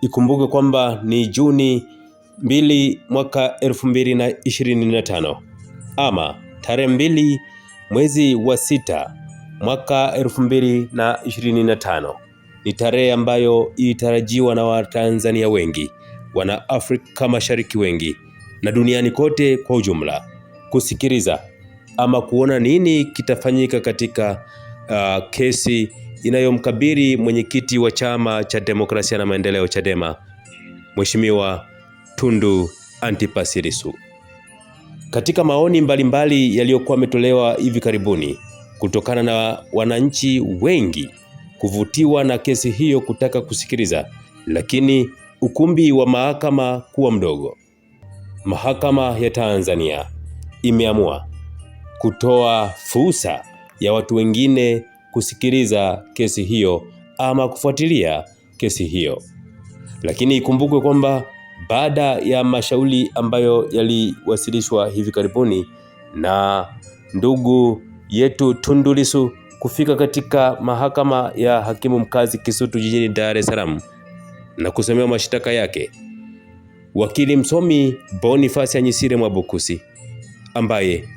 Ikumbuke kwamba ni Juni mbili mwaka tano ama tarehe mbili mwezi wa sita mwaka tano ni tarehe ambayo ilitarajiwa na Watanzania wengi, wana Afrika Mashariki wengi na duniani kote kwa ujumla, kusikiliza ama kuona nini kitafanyika katika uh, kesi inayomkabiri mwenyekiti wa chama cha demokrasia na maendeleo Chadema Mheshimiwa Tundu Antipas Lissu. Katika maoni mbalimbali yaliyokuwa yametolewa hivi karibuni kutokana na wananchi wengi kuvutiwa na kesi hiyo kutaka kusikiliza, lakini ukumbi wa mahakama kuwa mdogo, mahakama ya Tanzania imeamua kutoa fursa ya watu wengine kusikiliza kesi hiyo ama kufuatilia kesi hiyo. Lakini ikumbukwe kwamba baada ya mashauri ambayo yaliwasilishwa hivi karibuni na ndugu yetu Tundu Lissu kufika katika mahakama ya hakimu mkazi Kisutu jijini Dar es Salaam na kusomewa mashtaka yake, wakili msomi Boniface Anyisire Mwabukusi ambaye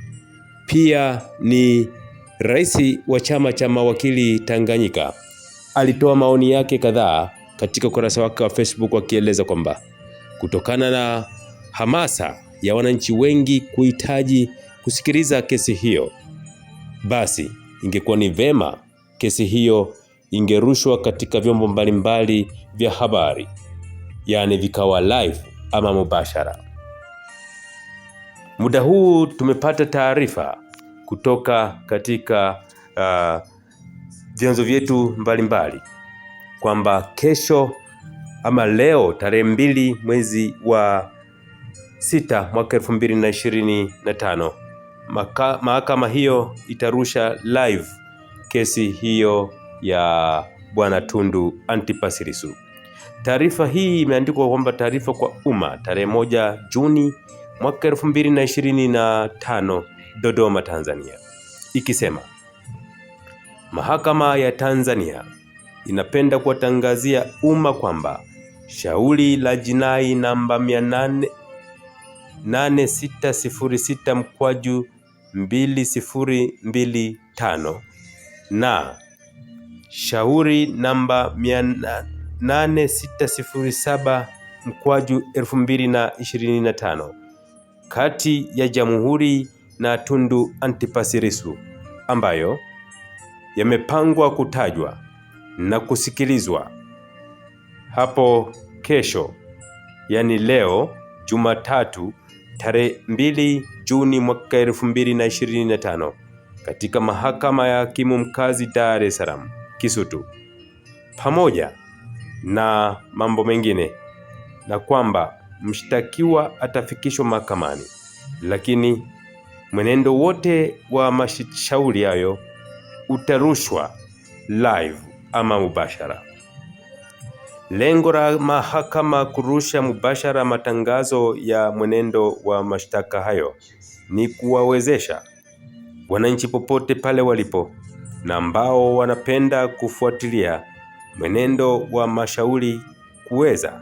pia ni Rais wa chama cha mawakili Tanganyika alitoa maoni yake kadhaa katika ukurasa wake wa Facebook akieleza kwamba kutokana na hamasa ya wananchi wengi kuhitaji kusikiliza kesi hiyo, basi ingekuwa ni vema kesi hiyo ingerushwa katika vyombo mbalimbali vya habari, yaani vikawa live ama mubashara. Muda huu tumepata taarifa kutoka katika uh, vyanzo vyetu mbalimbali kwamba kesho ama leo tarehe mbili mwezi wa sita mwaka elfu mbili na ishirini na tano mahakama hiyo itarusha live kesi hiyo ya bwana Tundu Antipas Lissu. Taarifa hii imeandikwa kwamba taarifa kwa umma tarehe moja Juni mwaka elfu mbili na ishirini na tano Dodoma, Tanzania, ikisema mahakama ya Tanzania inapenda kuwatangazia umma kwamba shauri la jinai namba 8606 mkwaju 2025 na shauri namba 8607 mkwaju 2025 kati ya Jamhuri na Tundu Antipas Lissu ambayo yamepangwa kutajwa na kusikilizwa hapo kesho, yani leo Jumatatu tarehe 2 Juni mwaka 2025 katika mahakama ya hakimu mkazi Dar es Salaam Kisutu, pamoja na mambo mengine, na kwamba mshtakiwa atafikishwa mahakamani, lakini Mwenendo wote wa mashauri hayo utarushwa live ama mubashara. Lengo la mahakama kurusha mubashara matangazo ya mwenendo wa mashtaka hayo ni kuwawezesha wananchi popote pale walipo na ambao wanapenda kufuatilia mwenendo wa mashauri kuweza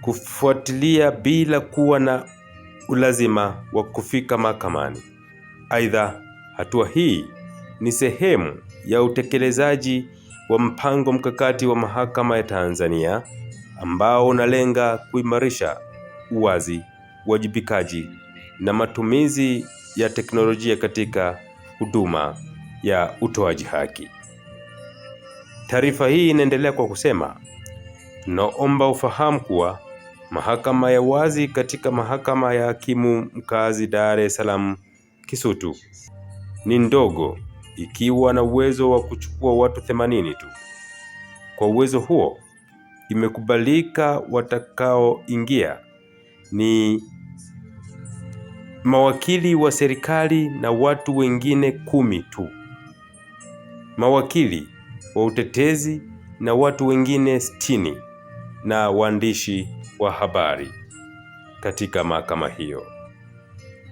kufuatilia bila kuwa na ulazima wa kufika mahakamani. Aidha, hatua hii ni sehemu ya utekelezaji wa mpango mkakati wa mahakama ya Tanzania ambao unalenga kuimarisha uwazi, uwajibikaji na matumizi ya teknolojia katika huduma ya utoaji haki. Taarifa hii inaendelea kwa kusema, naomba ufahamu kuwa Mahakama ya wazi katika mahakama ya hakimu mkazi Dar es Salaam Kisutu ni ndogo, ikiwa na uwezo wa kuchukua watu 80 tu. Kwa uwezo huo, imekubalika watakaoingia ni mawakili wa serikali na watu wengine kumi tu, mawakili wa utetezi na watu wengine sitini na waandishi wa habari katika mahakama hiyo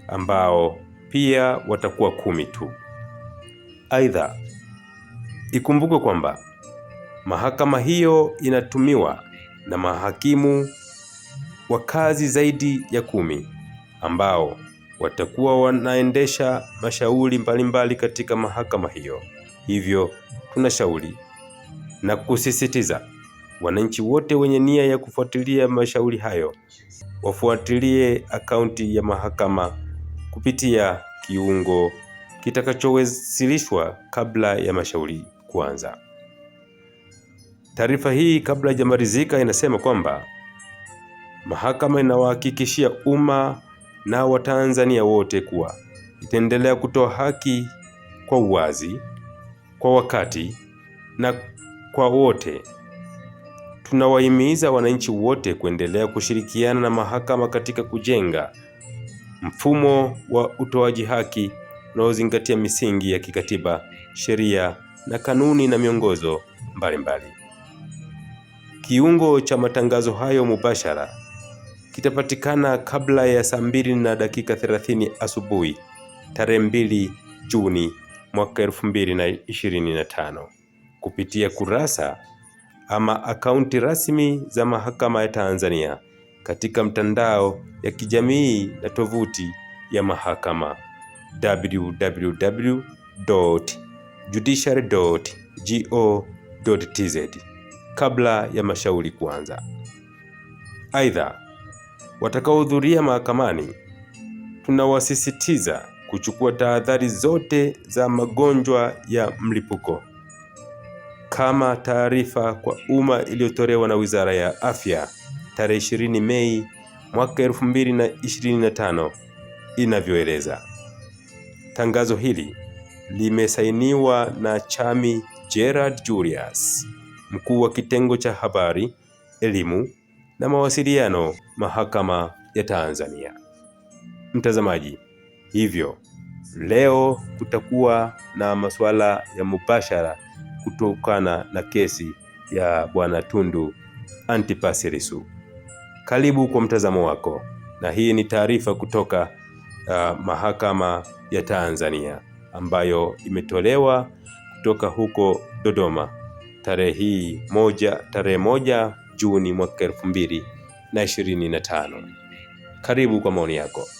ambao pia watakuwa kumi tu. Aidha, ikumbukwe kwamba mahakama hiyo inatumiwa na mahakimu wa kazi zaidi ya kumi ambao watakuwa wanaendesha mashauri mbalimbali mbali katika mahakama hiyo. Hivyo tunashauri na kusisitiza Wananchi wote wenye nia ya kufuatilia mashauri hayo wafuatilie akaunti ya mahakama kupitia kiungo kitakachowasilishwa kabla ya mashauri kuanza. Taarifa hii kabla haijamalizika inasema kwamba mahakama inawahakikishia umma na Watanzania wote kuwa itaendelea kutoa haki kwa uwazi, kwa wakati na kwa wote tunawahimiza wananchi wote kuendelea kushirikiana na mahakama katika kujenga mfumo wa utoaji haki unaozingatia misingi ya kikatiba, sheria na kanuni na miongozo mbalimbali mbali. Kiungo cha matangazo hayo mubashara kitapatikana kabla ya saa mbili na dakika 30 asubuhi tarehe 2 Juni mwaka 2025 kupitia kurasa ama akaunti rasmi za mahakama ya Tanzania katika mtandao ya kijamii na tovuti ya mahakama www.judiciary.go.tz kabla ya mashauri kuanza. Aidha, watakaohudhuria mahakamani tunawasisitiza kuchukua tahadhari zote za magonjwa ya mlipuko kama taarifa kwa umma iliyotolewa na Wizara ya Afya tarehe 20 Mei mwaka 2025 inavyoeleza. Tangazo hili limesainiwa na Chami Gerard Julius, mkuu wa kitengo cha habari, elimu na mawasiliano, Mahakama ya Tanzania. Mtazamaji, hivyo leo kutakuwa na masuala ya mubashara kutokana na kesi ya Bwana Tundu Antipas Lissu. Karibu kwa mtazamo wako, na hii ni taarifa kutoka uh, mahakama ya Tanzania ambayo imetolewa kutoka huko Dodoma tarehe hii moja tarehe moja Juni mwaka elfu mbili na ishirini na tano. Karibu kwa maoni yako.